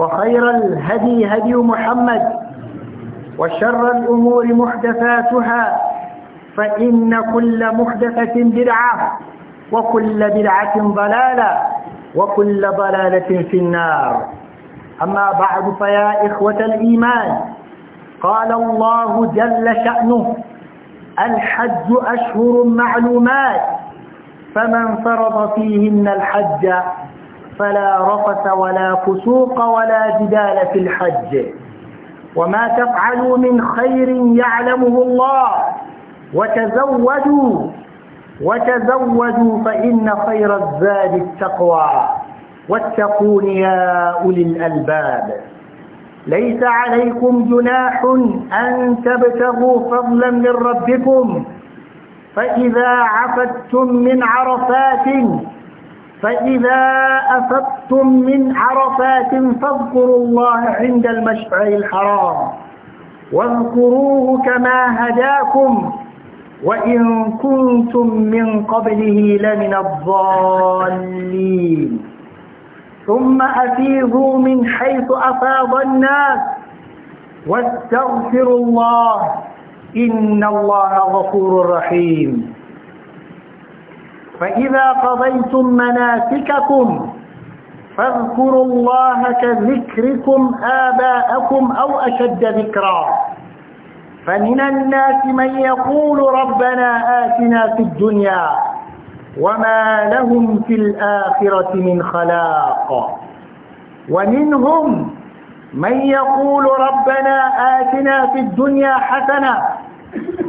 وخير الهدي هدي محمد وشر الأمور محدثاتها فإن كل محدثة بدعة وكل بدعة ضلالة وكل ضلالة في النار أما بعد فيا إخوة الإيمان قال الله جل شأنه الحج أشهر معلومات فمن فرض فيهن الحج فلا رفث ولا فسوق ولا جدال في الحج وما تفعلوا من خير يعلمه الله وتزودوا وتزودوا فإن خير الزاد التقوى واتقون يا أولي الألباب ليس عليكم جناح أن تبتغوا فضلا من ربكم فإذا عفتم من عرفات فإذا أفضتم من عرفات فاذكروا الله عند المشفع الحرام واذكروه كما هداكم وإن كنتم من قبله لمن الضالين ثم أفيضوا من حيث أفاض الناس واستغفروا الله إن الله غفور رحيم فإذا قضيتم مناسككم فاذكروا الله كذكركم آباءكم أو أشد ذكرا فمن الناس من يقول ربنا آتنا في الدنيا وما لهم في الآخرة من خلاق ومنهم من يقول ربنا آتنا في الدنيا حسنة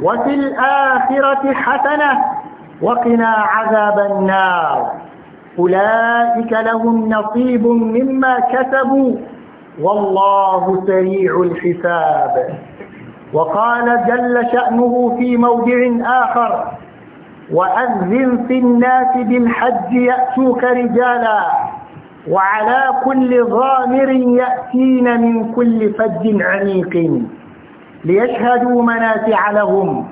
وفي الآخرة حسنة وقنا عذاب النار أولئك لهم نصيب مما كسبوا والله سريع الحساب وقال جل شأنه في موضع آخر وأذن في الناس بالحج يأتوك رجالا وعلى كل ضامر يأتين من كل فج عميق ليشهدوا منافع لهم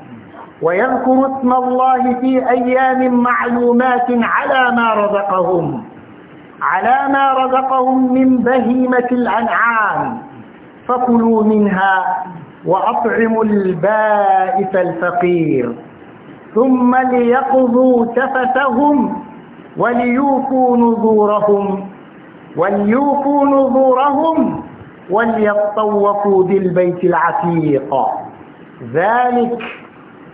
ويذكر اسم الله في أيام معلومات على ما رزقهم على ما رزقهم من بهيمة الأنعام فكلوا منها وأطعموا البائس الفقير ثم ليقضوا تفتهم وليوفوا نذورهم وليوفوا نذورهم وليطوفوا بالبيت العتيق ذلك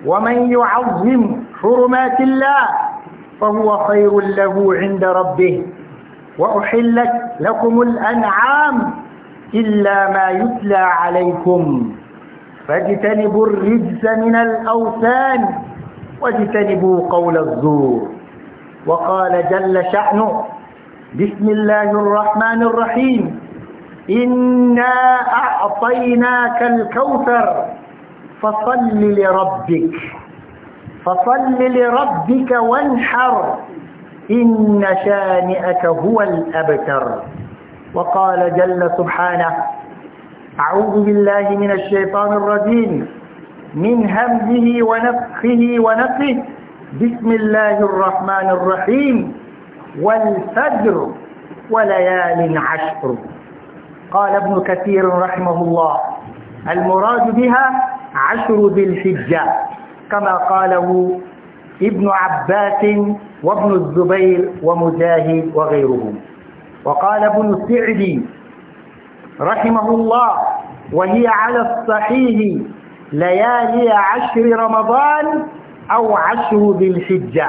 ومن يعظم حرمات الله فهو خير له عند ربه وأحلت لكم الأنعام إلا ما يتلى عليكم فاجتنبوا الرجس من الأوثان واجتنبوا قول الزور وقال جل شأنه بسم الله الرحمن الرحيم إنا أعطيناك الكوثر فصل لربك فصل لربك وانحر إن شانئك هو الأبتر وقال جل سبحانه أعوذ بالله من الشيطان الرجيم من همزه ونفخه ونفخه بسم الله الرحمن الرحيم والفجر وليال عشر قال ابن كثير رحمه الله المراد بها عشر ذي الحجة كما قاله ابن عباس وابن الزبير ومجاهد وغيرهم وقال ابن السعدي رحمه الله وهي على الصحيح ليالي عشر رمضان أو عشر ذي الحجة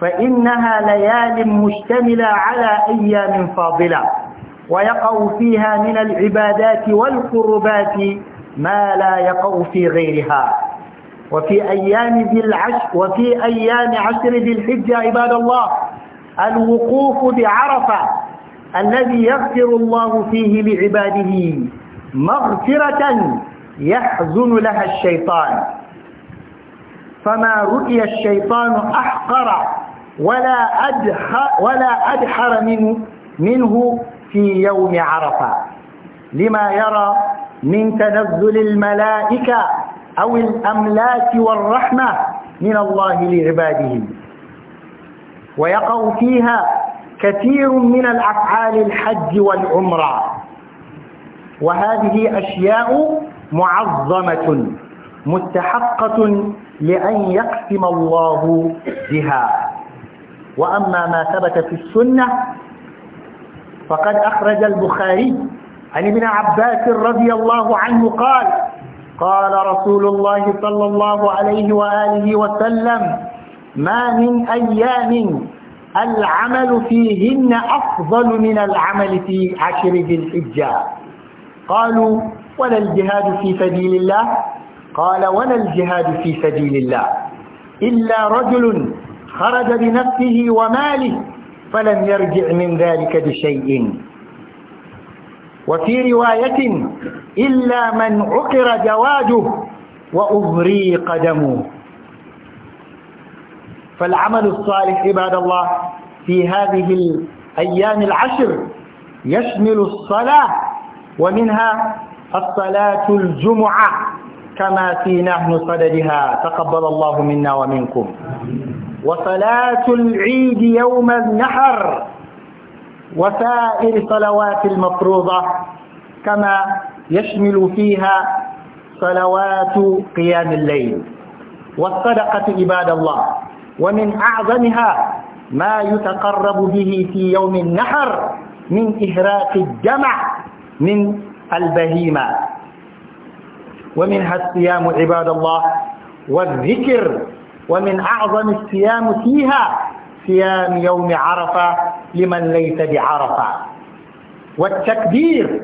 فإنها ليال مشتملة على أيام فاضلة ويقع فيها من العبادات والقربات ما لا يقع في غيرها وفي أيام ذي العشر وفي أيام عشر ذي الحجة عباد الله الوقوف بعرفة الذي يغفر الله فيه لعباده مغفرة يحزن لها الشيطان فما رؤي الشيطان أحقر ولا أدحر, ولا أدحر منه, منه في يوم عرفة لما يرى من تنزل الملائكة أو الأملاك والرحمة من الله لعباده ويقع فيها كثير من الأفعال الحج والعمرة وهذه أشياء معظمة مستحقة لأن يقسم الله بها وأما ما ثبت في السنة فقد أخرج البخاري عن ابن عباس رضي الله عنه قال قال رسول الله صلى الله عليه وآله وسلم ما من أيام العمل فيهن أفضل من العمل في عشر ذي الحجة قالوا ولا الجهاد في سبيل الله قال ولا الجهاد في سبيل الله إلا رجل خرج بنفسه وماله فلم يرجع من ذلك بشيء وفي رواية إلا من عقر جواده وأبري قدمه فالعمل الصالح عباد الله في هذه الأيام العشر يشمل الصلاة ومنها الصلاة الجمعة كما في نحن صددها تقبل الله منا ومنكم وصلاة العيد يوم النحر وسائر صلوات المفروضة كما يشمل فيها صلوات قيام الليل والصدقة عباد الله ومن أعظمها ما يتقرب به في يوم النحر من إهراق الجمع من البهيمة ومنها الصيام عباد الله والذكر ومن أعظم الصيام فيها صيام يوم عرفة لمن ليس بعرفة والتكبير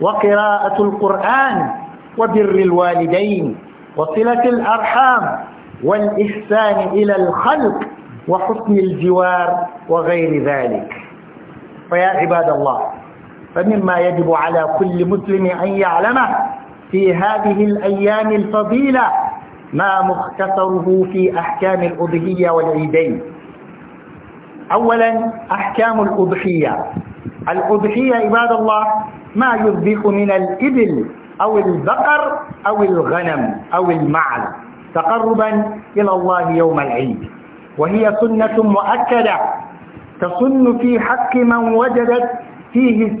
وقراءة القرآن وبر الوالدين وصلة الأرحام والإحسان إلى الخلق وحسن الجوار وغير ذلك فيا عباد الله فمما يجب على كل مسلم أن يعلمه في هذه الأيام الفضيلة ما مختصره في أحكام الأضحية والعيدين أولا أحكام الأضحية الأضحية عباد الله ما يذبح من الإبل أو البقر أو الغنم أو المعز تقربا إلى الله يوم العيد وهي سنة مؤكدة تصن في حق من وجدت فيه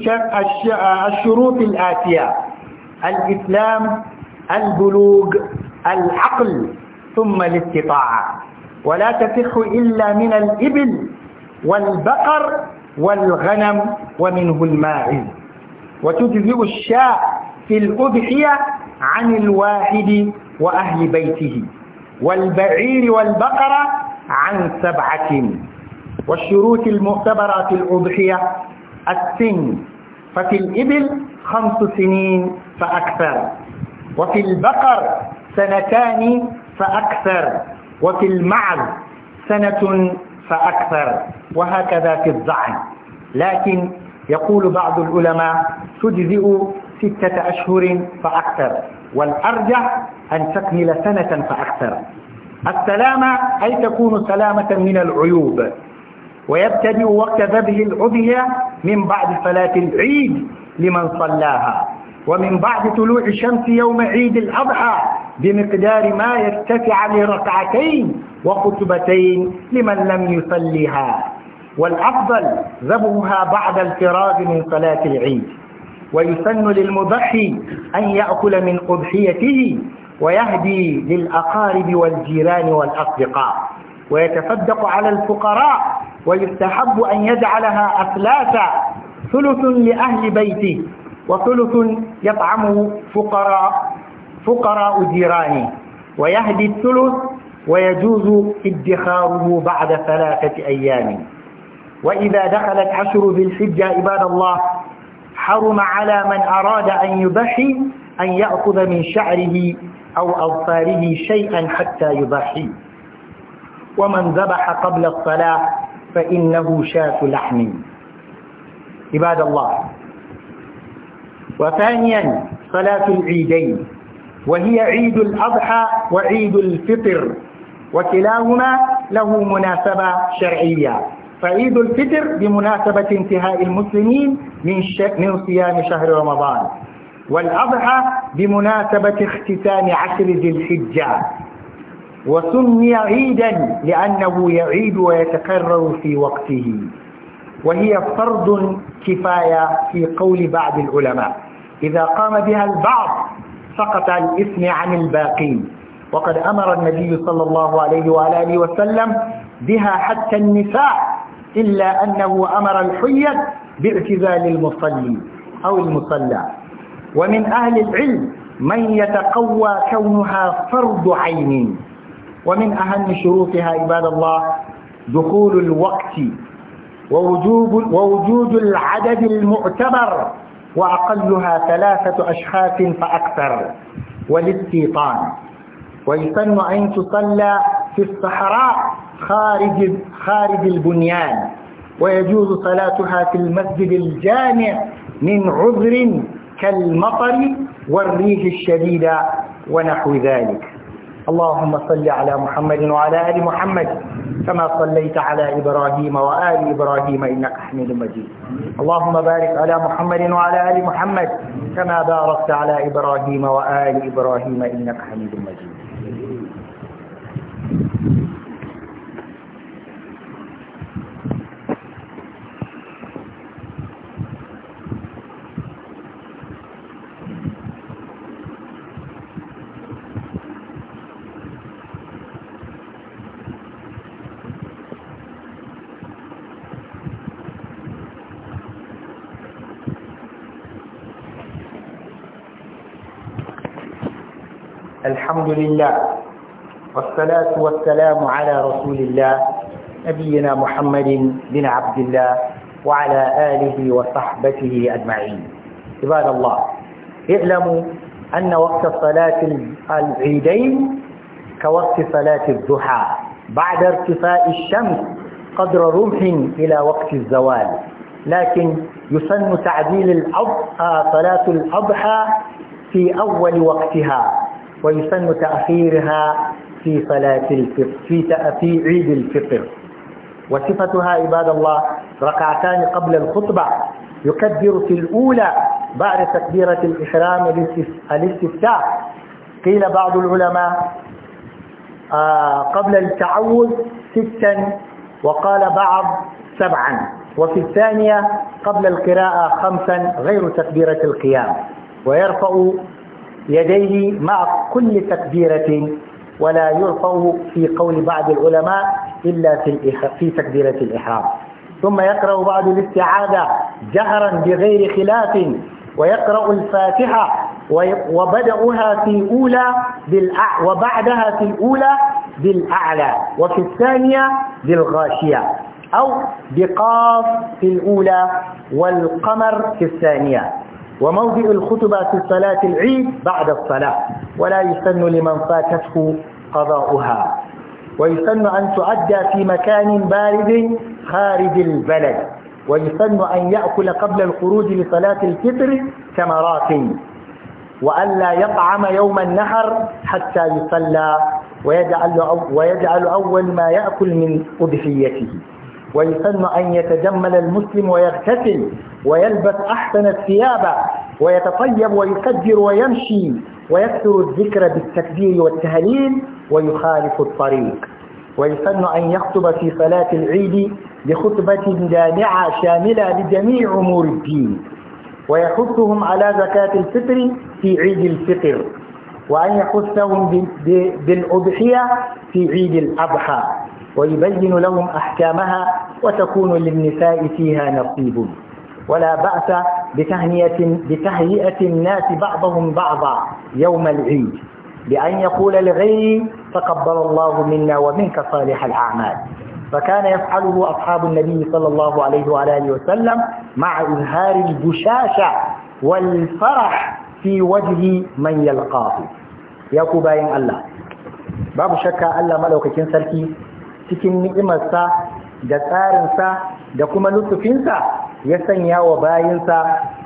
الشروط الآتية الإسلام البلوغ العقل ثم الاستطاعة ولا تفخ إلا من الإبل والبقر والغنم ومنه الماعز وتجزئ الشاء في الأضحية عن الواحد وأهل بيته والبعير والبقرة عن سبعة والشروط المعتبرة في الأضحية السن ففي الإبل خمس سنين فأكثر وفي البقر سنتان فأكثر وفي المعز سنة فأكثر وهكذا في الظعن لكن يقول بعض العلماء تجزئ ستة أشهر فأكثر والأرجح أن تكمل سنة فأكثر السلامة أي تكون سلامة من العيوب ويبتدئ وقت ذبح العضية من بعد صلاة العيد لمن صلاها ومن بعد طلوع الشمس يوم عيد الأضحى بمقدار ما يرتفع لركعتين وخطبتين لمن لم يصليها والأفضل ذبحها بعد الفراغ من صلاة العيد ويسن للمضحي أن يأكل من أضحيته ويهدي للأقارب والجيران والأصدقاء ويتصدق على الفقراء ويستحب أن يجعلها أثلاثا ثلث لأهل بيته وثلث يطعمه فقراء فقراء جيرانه ويهدي الثلث ويجوز ادخاره بعد ثلاثة أيام وإذا دخلت عشر ذي الحجة عباد الله حرم على من أراد أن يضحي أن يأخذ من شعره أو أظفاره شيئا حتى يضحي ومن ذبح قبل الصلاة فإنه شاة لحم عباد الله وثانيا صلاة العيدين وهي عيد الأضحى وعيد الفطر وكلاهما له مناسبة شرعية فعيد الفطر بمناسبة انتهاء المسلمين من من صيام شهر رمضان والأضحى بمناسبة اختتام عشر ذي الحجة وسمي عيدا لأنه يعيد ويتكرر في وقته وهي فرض كفاية في قول بعض العلماء إذا قام بها البعض سقط الإثم عن الباقين وقد أمر النبي صلى الله عليه وآله وسلم بها حتى النساء إلا أنه أمر الحية باعتزال المصلي أو المصلى ومن أهل العلم من يتقوى كونها فرض عين ومن أهم شروطها عباد الله دخول الوقت ووجوب ووجود العدد المعتبر وأقلها ثلاثة أشخاص فأكثر والاستيطان ويسن أن تصلى في الصحراء خارج خارج البنيان ويجوز صلاتها في المسجد الجامع من عذر كالمطر والريح الشديدة ونحو ذلك اللهم صل على محمد وعلى آل محمد كما صليت على إبراهيم وآل إبراهيم إنك حميد مجيد اللهم بارك على محمد وعلى آل محمد كما باركت على إبراهيم وآل إبراهيم إنك حميد مجيد الحمد لله والصلاة والسلام على رسول الله نبينا محمد بن عبد الله وعلى آله وصحبه أجمعين عباد الله اعلموا أن وقت صلاة العيدين كوقت صلاة الضحى بعد ارتفاع الشمس قدر رمح إلى وقت الزوال لكن يسن تعديل آه، صلاة الأضحى في أول وقتها ويسن تأخيرها في صلاة الفطر في في عيد الفطر وصفتها عباد الله ركعتان قبل الخطبة يكبر في الأولى بعد تكبيرة الإحرام الاستفتاح قيل بعض العلماء آه، قبل التعوذ ستا وقال بعض سبعا وفي الثانية قبل القراءة خمسا غير تكبيرة القيام ويرفع يديه مع كل تكبيرة ولا يرفع في قول بعض العلماء إلا في, في تكبيرة الإحرام ثم يقرأ بعض الاستعاذة جهرا بغير خلاف ويقرأ الفاتحة وبدأها في أولى بالأع... وبعدها في الأولى بالأعلى وفي الثانية بالغاشية أو بقاف في الأولى والقمر في الثانية وموضع الخطبة في صلاة العيد بعد الصلاة ولا يسن لمن فاتته قضاؤها ويسن أن تعدى في مكان بارد خارج البلد ويسن أن يأكل قبل الخروج لصلاة الفطر ثمرات وألا يطعم يوم النحر حتى يصلى ويجعل, ويجعل أول ما يأكل من أضحيته ويسن أن يتجمل المسلم ويغتسل ويلبس أحسن الثياب ويتطيب ويكدر ويمشي ويكثر الذكر بالتكبير والتهليل ويخالف الطريق ويسن أن يخطب في صلاة العيد بخطبة جامعة شاملة لجميع أمور الدين ويحثهم على زكاة الفطر في عيد الفطر وأن يحثهم بالأضحية في عيد الأضحى ويبين لهم أحكامها وتكون للنساء فيها نصيب ولا بأس بتهنية بتهيئة الناس بعضهم بعضا يوم العيد بأن يقول الغير تقبل الله منا ومنك صالح الأعمال فكان يفعله أصحاب النبي صلى الله عليه وعلى آله وسلم مع إظهار البشاشة والفرح في وجه من يلقاه يا كوباين الله باب شكا الله ملوك sarki cikin ni'imarsa da tsarinsa da kuma lutufinsa ya sanya wa bayinsa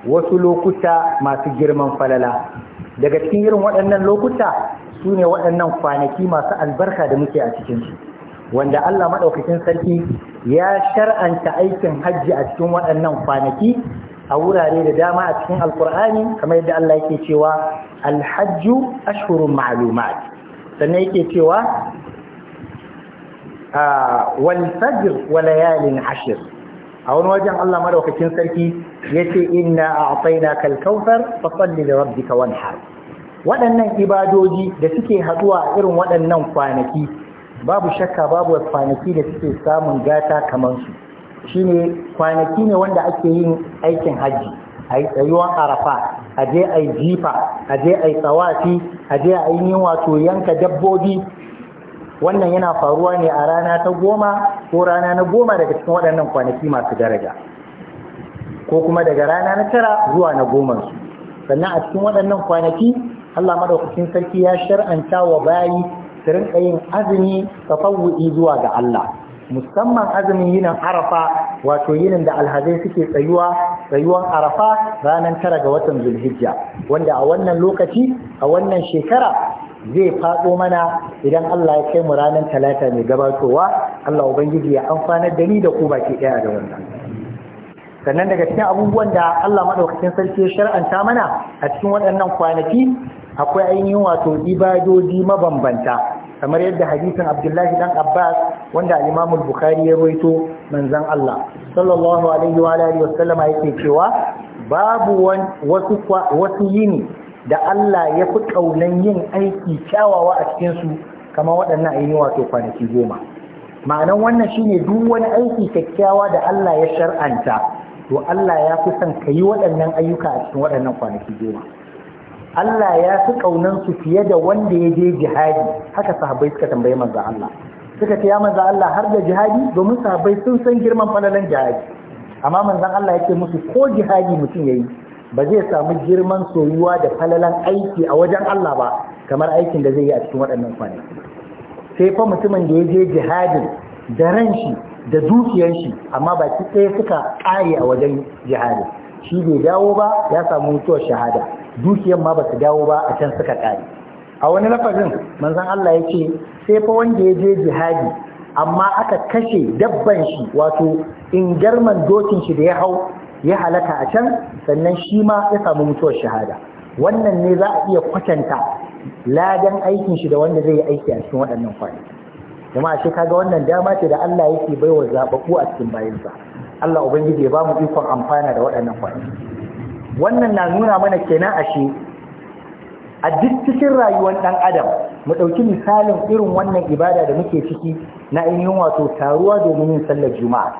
wasu lokuta masu girman falala daga cikin irin waɗannan lokuta su ne waɗannan kwanaki masu albarka da muke a cikinsu wanda Allah maɗaukakin sarki ya shar'anta aikin hajji a cikin waɗannan kwanaki a wurare da dama a cikin alkur'ani kamar yadda Allah yake cewa alhajju ashhurun ma'lumat sannan yake cewa wal fajr wa layalin ashir a wani wajen Allah madaukakin sarki yace inna a'tainaka al-kautsar fa salli li rabbika wanhar waɗannan ibadoji da suke haɗuwa a irin waɗannan kwanaki babu shakka babu kwanaki da suke samun gata kamar su shine kwanaki ne wanda ake yin aikin hajji a yi tsayuwan arafa a je a yi jifa a je a yi tsawafi a je a yi wato yanka dabbobi wannan yana faruwa ne a rana ta goma ko rana na goma daga cikin waɗannan kwanaki masu daraja ko kuma daga rana na tara zuwa na goma su sannan a cikin waɗannan kwanaki Allah maɗaukacin sarki ya shar'anta wa bayi su rinka yin azumi tafawwu'i zuwa ga Allah musamman azumin yinin arafa wato yinin da alhazai suke tsayuwa tsayuwan arafa ranar tara ga watan zulhijja wanda a wannan lokaci a wannan shekara zai faɗo mana idan Allah ya kai mu ranar talata mai gabatowa Allah ubangiji ya amfanar da ni da ku baki ɗaya da wannan sannan daga cikin abubuwan da Allah maɗaukacin sarki ya shar'anta mana a cikin waɗannan kwanaki akwai ainihin wato ibadoji mabambanta kamar yadda hadisin Abdullahi dan Abbas wanda al bukhari ya rawaito manzon Allah sallallahu alaihi wa alihi wa sallama yake cewa babu wasu yini da Allah ya fi ƙaunan yin aiki kyawawa a cikinsu kama waɗannan ainihin wato kwanaki goma ma'anan wannan shi ne duk wani aiki kyakkyawa da Allah ya shar'anta to Allah ya fi son ka yi waɗannan ayyuka a cikin waɗannan kwanaki goma Allah ya fi ƙaunan su fiye da wanda ya je jihadi haka sahabbai suka tambayi manzo Allah suka ce ya manzo Allah har da jihadi domin sahabbai sun san girman falalan jihadi amma manzon Allah ya ce musu ko jihadi mutum ya yi. ba zai samu girman soyuwa da falalan aiki a wajen Allah ba kamar aikin da zai yi a cikin waɗannan kwanaki sai fa mutumin da ya je jihadin da ran shi da dukiyar shi amma ba ki tsaye suka ƙare a wajen jihadin shi bai dawo ba ya samu mutuwar shahada dukiyar ma ba su dawo ba a can suka kare. a wani lafazin manzon Allah ya ce sai fa wanda ya je jihadi amma aka kashe dabban shi wato in garman dokin shi da ya hau ya halaka a can sannan shi ma ya samu mutuwar shahada wannan ne za a iya kwatanta ladan aikin shi da wanda zai yi aiki a cikin waɗannan kwanaki kuma a ga wannan dama ce da Allah yake baiwa zababbu a cikin bayansa Allah ubangiji ya ba mu ikon amfana da waɗannan kwanaki wannan na nuna mana kenan ashe a duk cikin rayuwar ɗan adam mu ɗauki misalin irin wannan ibada da muke ciki na ainihin wato taruwa domin yin sallar juma'a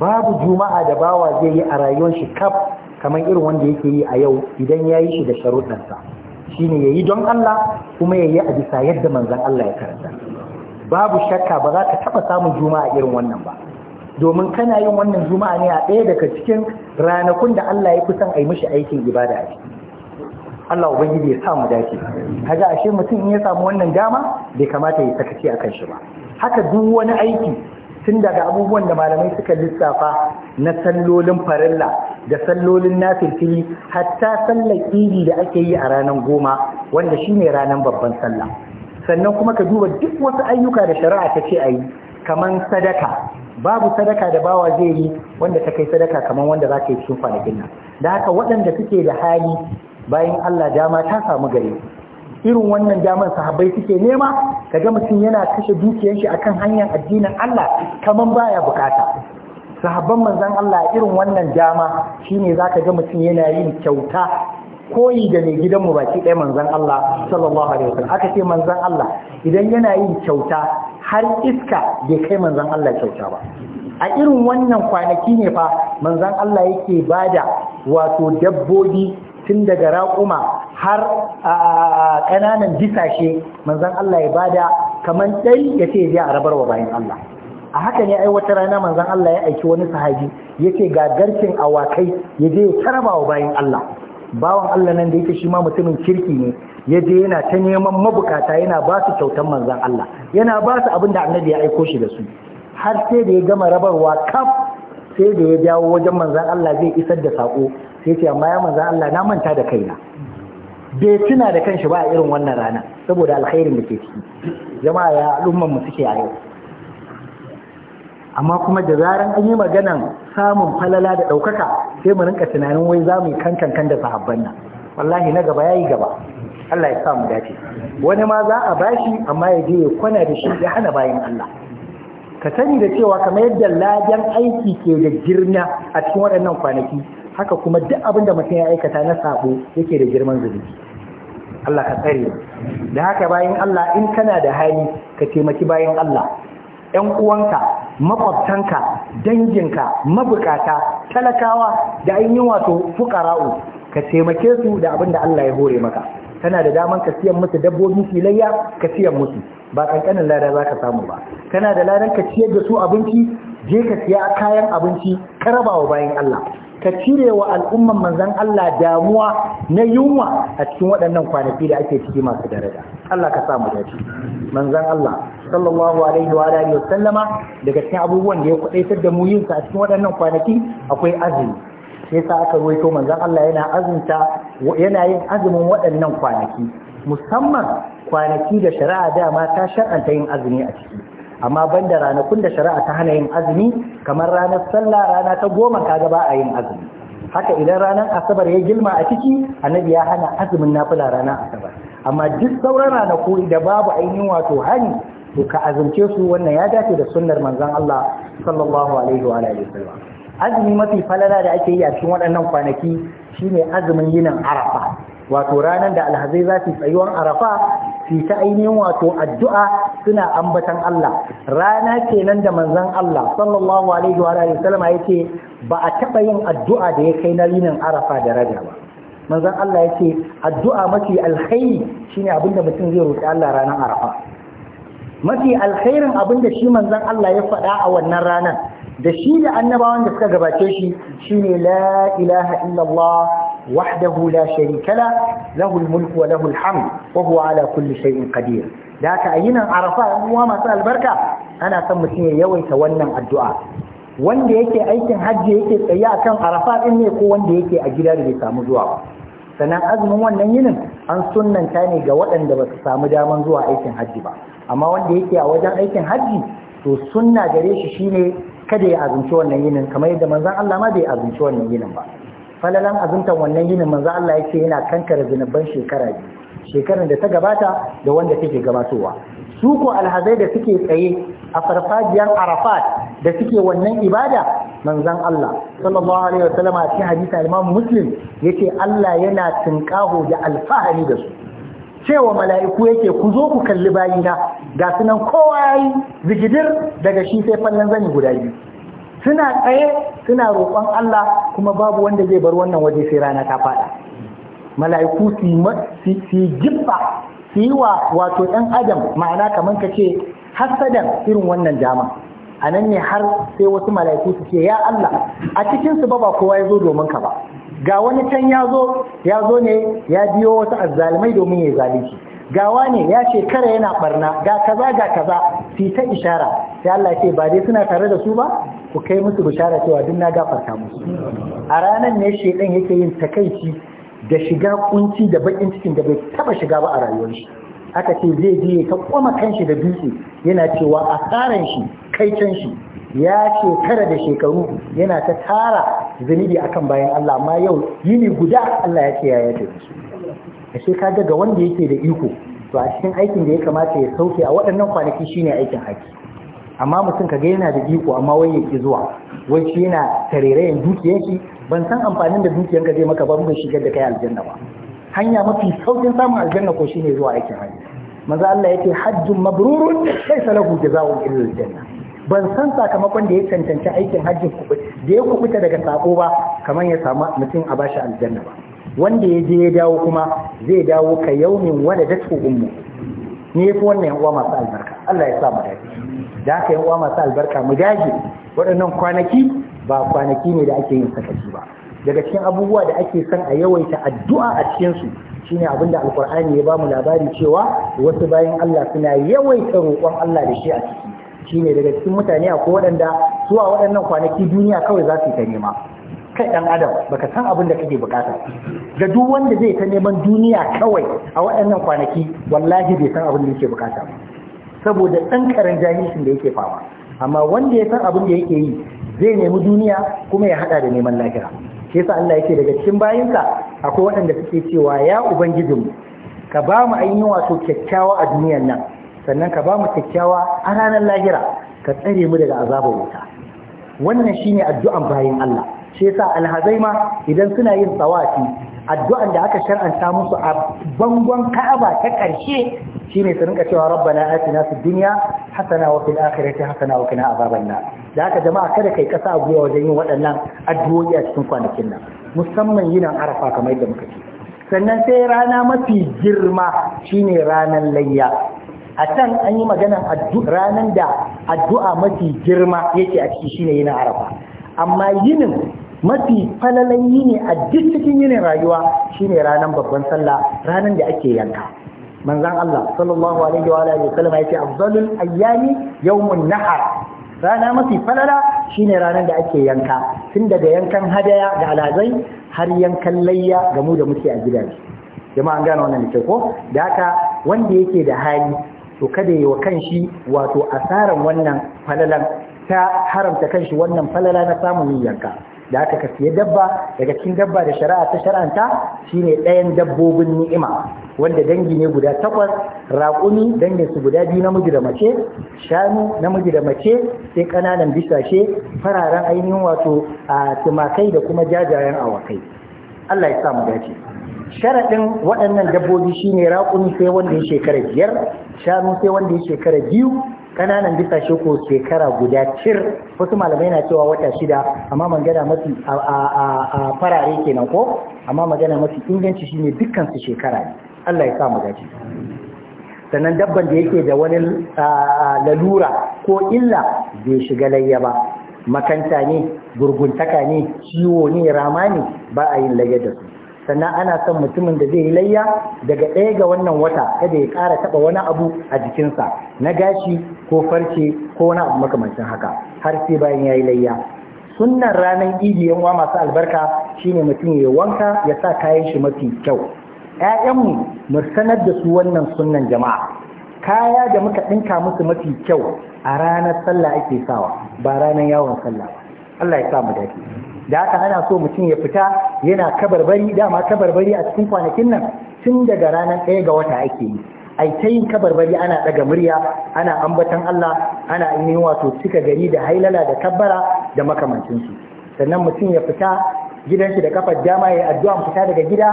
babu juma'a da bawa zai yi a rayuwar shi kaf kamar irin wanda yake yi a yau idan ya yi shi da sharuɗansa ne ya yi don Allah kuma ya yi a bisa yadda manzan Allah ya karanta babu shakka ba za ka taɓa samun juma'a irin wannan ba domin kana yin wannan juma'a ne a ɗaya daga cikin ranakun da Allah ya kusan a yi mishi aikin ibada a ciki Allah ubangiji ya mu dace kaga ashe mutum in ya samu wannan dama bai kamata ya sakaci akan shi ba haka duk wani aiki tun daga abubuwan da malamai suka lissafa na sallolin farilla da sallolin nafilfili hatta sallar idi da ake yi a ranar goma wanda shi ne ranar babban sallah sannan kuma ka duba duk wasu ayyuka da shari'a ta ce a yi kamar sadaka babu sadaka da bawa zai yi wanda ta kai sadaka kamar wanda za ka yi cikin kwanakin nan da haka waɗanda suke da hali bayan Allah dama ta samu gari. irin wannan damar sahabai suke nema ka ga mutum yana kashe dukiyar shi akan hanyar addinin Allah kaman baya bukata sahabban manzon Allah irin wannan dama shine ka ga mutum yana yin kyauta koyi da mai gidanmu baki ɗaya manzon Allah sallallahu alaihi wasallam aka ce manzon Allah idan yana yin kyauta har iska bai kai manzon Allah kyauta ba a irin wannan kwanaki ne fa manzon Allah yake bada wato dabbobi tun daga raƙuma har a ƙananan bisashe manzan Allah ya bada kamar ɗari ya ce ya a rabarwa bayan Allah a haka ne ai wata rana manzan Allah ya aiki wani sahabi ce ga garkin awakai ya je ya taraba bayan Allah bawan Allah nan da yake shi ma mutumin kirki ne ya je yana ta neman mabukata yana ba su kyautan manzan Allah yana ba su abin da annabi ya aiko shi da su har sai da ya gama rabarwa kaf sai da ya dawo wajen manzan Allah zai isar da saƙo. sai ce amma ya manzan Allah na manta da kaina bai tuna da kanshi ba a irin wannan rana saboda alkhairin da ke ciki jama'a ya al'umman mu suke a yau amma kuma da zaran an yi maganan samun falala da ɗaukaka sai mu rinka tunanin wai za mu yi kankan kan da sahabban nan wallahi na gaba yayi gaba Allah ya samu dace wani ma za a bashi amma ya je ya kwana da shi ya hana bayan Allah ka sani da cewa kamar yadda ladan aiki ke da girma a cikin waɗannan kwanaki haka kuma duk abin da mutum ya aikata na sabo yake da girman zunubi Allah ka tsare da haka bayan Allah in kana da hali ka taimaki bayan Allah ‘yan uwanka makwabtanka danginka mabukata talakawa da ainihin wato fukara'u ka taimake su da abin da Allah ya hore maka kana da daman ka siyan musu dabbobin filayya ka siyan musu ba kankanin lada za ka samu ba kana da ladan ka ciyar da su abinci je ka siya kayan abinci ka rabawa bayan Allah ka cire wa al'umman manzan Allah damuwa na yunwa a cikin waɗannan kwanaki da ake ciki masu daraja Allah ka samu dace manzan Allah sallallahu alaihi wa alihi wa sallama daga cikin abubuwan da ya kudaitar da mu yin sa a cikin waɗannan kwanaki akwai azumi sai sa aka ruwaito manzan Allah yana azumta yana yin azumin waɗannan kwanaki musamman kwanaki da shari'a dama ta shar'anta yin azumi a ciki amma banda ranakun da shari'a ta hana yin azumi kamar ranar sallah rana ta goma kaga ba a yin azumi haka idan ranar asabar ya gilma a ciki annabi ya hana azumin nafila ranar asabar amma duk sauran ranaku da babu ainihin wato hani to ka azumce su wannan ya dace da sunnar manzon Allah sallallahu alaihi wa alihi wasallam azumi mafi falala da ake yi a cikin waɗannan kwanaki shine azumin yinin arafa wato ranar da alhazai za su tsayuwan arafa su ta ainihin wato addu'a suna ambatan Allah rana kenan da manzan Allah sallallahu alaihi wa salama ya ce ba a taɓa yin addu'a da ya kai na yinin arafa da raja ba Manzan Allah ya ce addu'a mafi alkhairi shine abinda mutum zai roki Allah ranar arafa mafi alkhairin abinda shi manzan Allah ya faɗa a wannan ranar da shi da annabawan da suka gabace shi shi shine la ilaha illallah hula وحده لا شريك له له الملك وله الحمد وهو على كل شيء قدير ذاك أينا masu albarka? Ana بركة أنا سمتني yawaita wannan addu'a. wanda yake aikin hajji yake tsaye akan arafa ɗin ne ko wanda yake a gida da bai samu zuwa ba sannan azumin wannan yinin an sunnanta ne ga waɗanda ba su samu daman zuwa aikin hajji ba amma wanda yake a wajen aikin hajji to sunna gare shi shi ne kada ya azumci wannan yinin kamar yadda manzon Allah ma bai azumci wannan yinin ba falalan azumtan wannan yinin manzo Allah yake yana kankare zunuban shekara biyu shekarar da ta gabata da wanda take gabatowa su ko alhazai da suke tsaye a farfajiyar arafat da suke wannan ibada manzan Allah sallallahu alaihi wasallama a cikin hadisin Imam Muslim yace Allah yana tinkaho da alfahari da su cewa mala'iku yake ku zo ku kalli bayina ga sunan kowa yayi zigidir daga shi sai fallan zani guda biyu suna tsaye suna roƙon Allah kuma babu wanda zai bar wannan waje sai rana ta faɗa mala'iku su yi jiffa su yi wa wato ɗan adam ma'ana kamar ka ce hasadan irin wannan dama a nan ne har sai wasu mala'iku su ce ya Allah a cikin su ba ba kowa ya zo domin ka ba ga wani can ya zo ya zo ne ya biyo wasu azzalumai domin ya zalunci gawa ne ya shekara yana barna ga kaza ga kaza fi ta ishara sai Allah ce ba dai suna tare da su ba ku kai musu bishara cewa duk na gafarta musu a ranar ne dan yake yin takaici da shiga kunci da bakin cikin da bai taba shiga ba a rayuwar shi aka ce zai je ta kwama kanshi da dutse yana cewa a tsaran shi kai can shi ya shekara da shekaru yana ta tara zunubi akan bayan Allah amma yau yini guda Allah ya ce ya yace a ka ga wanda yake da iko to a cikin aikin da ya kamata ya sauke a waɗannan kwanaki shine aikin haki amma mutum kaga yana da iko amma wai ya yake zuwa wai shi yana tarerayen dukiyar shi ban san amfanin da dukiyar ka zai maka ba mun shigar da kai aljanna ba hanya mafi saukin samun aljanna ko shine zuwa aikin hali. manzo Allah yake hajjun mabrurun laysa lahu jazaa'un illa aljanna ban san sakamakon da ya cancanci aikin ku da ya kubuta daga sako ba kamar ya samu mutum a bashi aljanna ba wanda ya je ya dawo kuma zai dawo ka yaumin wala da ummu ne fi wannan yan uwa masu albarka Allah ya sa mu dace da haka yan uwa masu albarka mu dage waɗannan kwanaki ba kwanaki ne da ake yin sakaci ba daga cikin abubuwa da ake son a yawaita addu'a a cikin su shine abin da alkur'ani ya bamu labari cewa wasu bayan Allah suna yawaita roƙon Allah da shi a ciki shine daga cikin mutane akwai waɗanda zuwa waɗannan kwanaki duniya kawai za su ta nema kai ɗan adam baka san abin da kake bukata ga duk wanda zai ta neman duniya kawai a waɗannan kwanaki wallahi bai san abin da yake bukata ba saboda ɗan karen jahilcin da yake fama amma wanda ya san abin da yake yi zai nemi duniya kuma ya haɗa da neman lahira shi yasa Allah yake daga cikin bayinka akwai waɗanda suke cewa ya mu ka ba mu ainihin wato kyakkyawa a duniyan nan sannan ka ba mu kyakkyawa a ranar lahira ka tsare mu daga azabar wuta wannan shine addu'an bayin Allah shi yasa alhazai ma idan suna yin tsawafi addu'an da aka shar'anta musu a bangon Ka'aba ta ƙarshe shine su rinka cewa rabbana atina fid dunya hasana wa fil akhirati hasana wa qina azaban nar da haka jama'a kada kai kasa a wajen yin waɗannan addu'o'i a cikin kwanakin nan musamman nan arafa kamar yadda muka ce sannan sai rana mafi girma shine ranar layya a can an yi maganar ranar da addu'a mafi girma yake a ciki shine yin arafa amma yinin mafi falalan yini a duk cikin yinin rayuwa shine ranar babban sallah ranar da ake yanka manzan Allah sallallahu alaihi wa alihi wasallam ya ce afdalul ayyami yawmun nahar rana mafi falala shine ranar da ake yanka tun daga yankan hadaya ga alazai har yankan layya ga mu da muke a gidaje jama'an gano wannan da ko da haka wanda yake da hali to kada yi wa kanshi wato asaran wannan falalan ta haramta kanshi wannan falala na samun yanka da aka ka siye dabba daga cikin dabba da shari'a ta shari'anta shine ɗayan dabbobin ni'ima wanda dangi ne guda takwas raƙumi dangin su guda biyu namiji da mace shanu namiji da mace sai ƙananan bisashe fararen ainihin wato a tumakai da kuma jajayen awakai Allah ya samu dace sharaɗin waɗannan dabbobi shine raƙumi sai wanda ya shekara biyar shanu sai wanda ya shekara biyu kananan bisa ko shekara guda cir wasu malamai na cewa wata shida amma magana mafi a farare kenan ko amma magana mafi inganci shine dukkan su shekara ne Allah ya sa mu gaji. sannan dabban da yake da wani lalura ko illa bai shiga layya ba makanta ne gurguntaka ne ciwo ne rama ne ba a yin layya da su sannan ana son mutumin da zai yi layya daga ɗaya ga wannan wata kada ya ƙara taɓa wani abu a jikinsa na gashi ko farce ko wani abu makamancin haka har sai bayan yayi layya sunnan ranar idi yan uwa masu albarka shine mutum ya wanka ya sa kayan shi mafi kyau ƴaƴanmu mu sanar da su wannan sunnan jama'a kaya da muka ɗinka musu mafi kyau a ranar sallah ake sawa ba ranar yawon sallah Allah ya sa mu dace da haka ana so mutum ya fita yana kabarbari dama kabarbari a cikin kwanakin nan tun daga ranar ɗaya ga wata ake yi ai ta yin kabarbari ana daga murya ana ambatan Allah ana ainihin wato cika gari da hailala da kabbara da makamancinsu sannan mutum ya fita gidan shi da kafar dama ya addu'a fita daga gida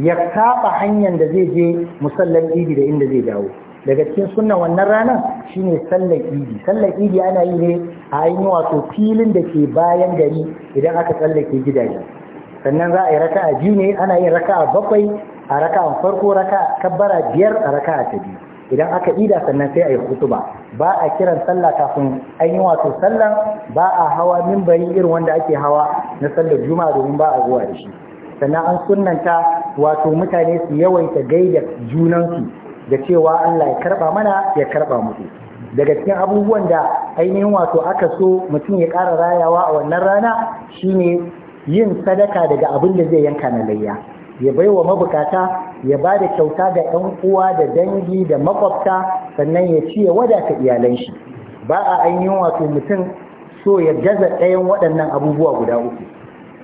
ya kafa hanyar da zai je musallan idi da inda zai dawo daga cikin sunnan wannan ranar shine sallar idi sallar idi ana yi ne a ainihin wato filin da ke bayan gari idan aka tsallake gidaje sannan za a yi raka'a biyu ne ana yin raka'a bakwai a raka farko raka kabbara biyar a raka ta biyu idan aka ida sannan sai a yi kutuba ba a kiran sallah kafin an yi wato sallan ba a hawa mimbari irin wanda ake hawa na sallar juma'a domin ba a zuwa da shi sannan an sunanta wato mutane su yawaita gaida junansu da cewa Allah ya karba mana ya karba mutu daga cikin abubuwan da ainihin wato aka so mutum ya ƙara rayawa a wannan rana shine yin sadaka daga abin da zai yanka na layya ya bai wa mabukata ya ba da kyauta ga ɗan uwa da dangi da makwabta sannan ya ci ya wadata iyalan shi ba a ainihin wato mutum so ya gaza ɗayan waɗannan abubuwa guda uku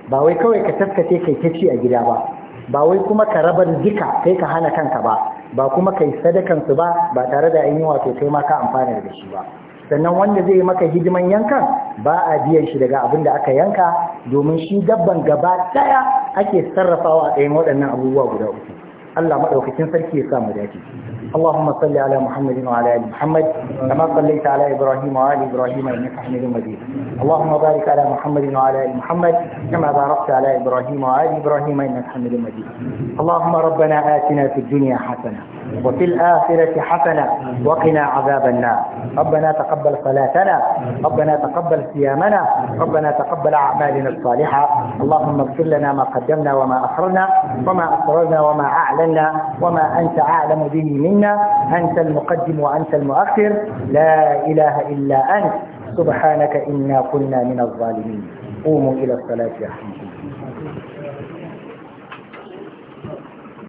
ba wai kawai ka taskace kai ta ci a gida ba ba wai kuma ka rabar duka kai ka hana kanka ba ba kuma kai sadakansu ba ba tare da ainihin wato kai ma ka amfana da shi ba sannan wanda zai yi maka hidiman yankan ba a biyan shi daga abin da aka yanka domin shi dabban gaba daya ake sarrafawa a ɗayan waɗannan abubuwa guda uku Allah madaukakin sarki ya sa mu dace اللهم صل على محمد وعلى ال محمد كما صليت على ابراهيم وعلى ال ابراهيم انك حميد مجيد اللهم بارك على محمد وعلى ال محمد كما باركت على ابراهيم وعلى ال ابراهيم انك حميد مجيد اللهم ربنا اتنا في الدنيا حسنه وفي الآخرة حسنة وقنا عذاب النار ربنا تقبل صلاتنا ربنا تقبل صيامنا ربنا تقبل أعمالنا الصالحة اللهم اغفر لنا ما قدمنا وما أخرنا وما أسررنا وما أعلنا لنا وما أنت أعلم به منا أنت المقدم وأنت المؤخر لا إله إلا أنت سبحانك إنا كنا من الظالمين قوموا إلى الصلاة يا حمد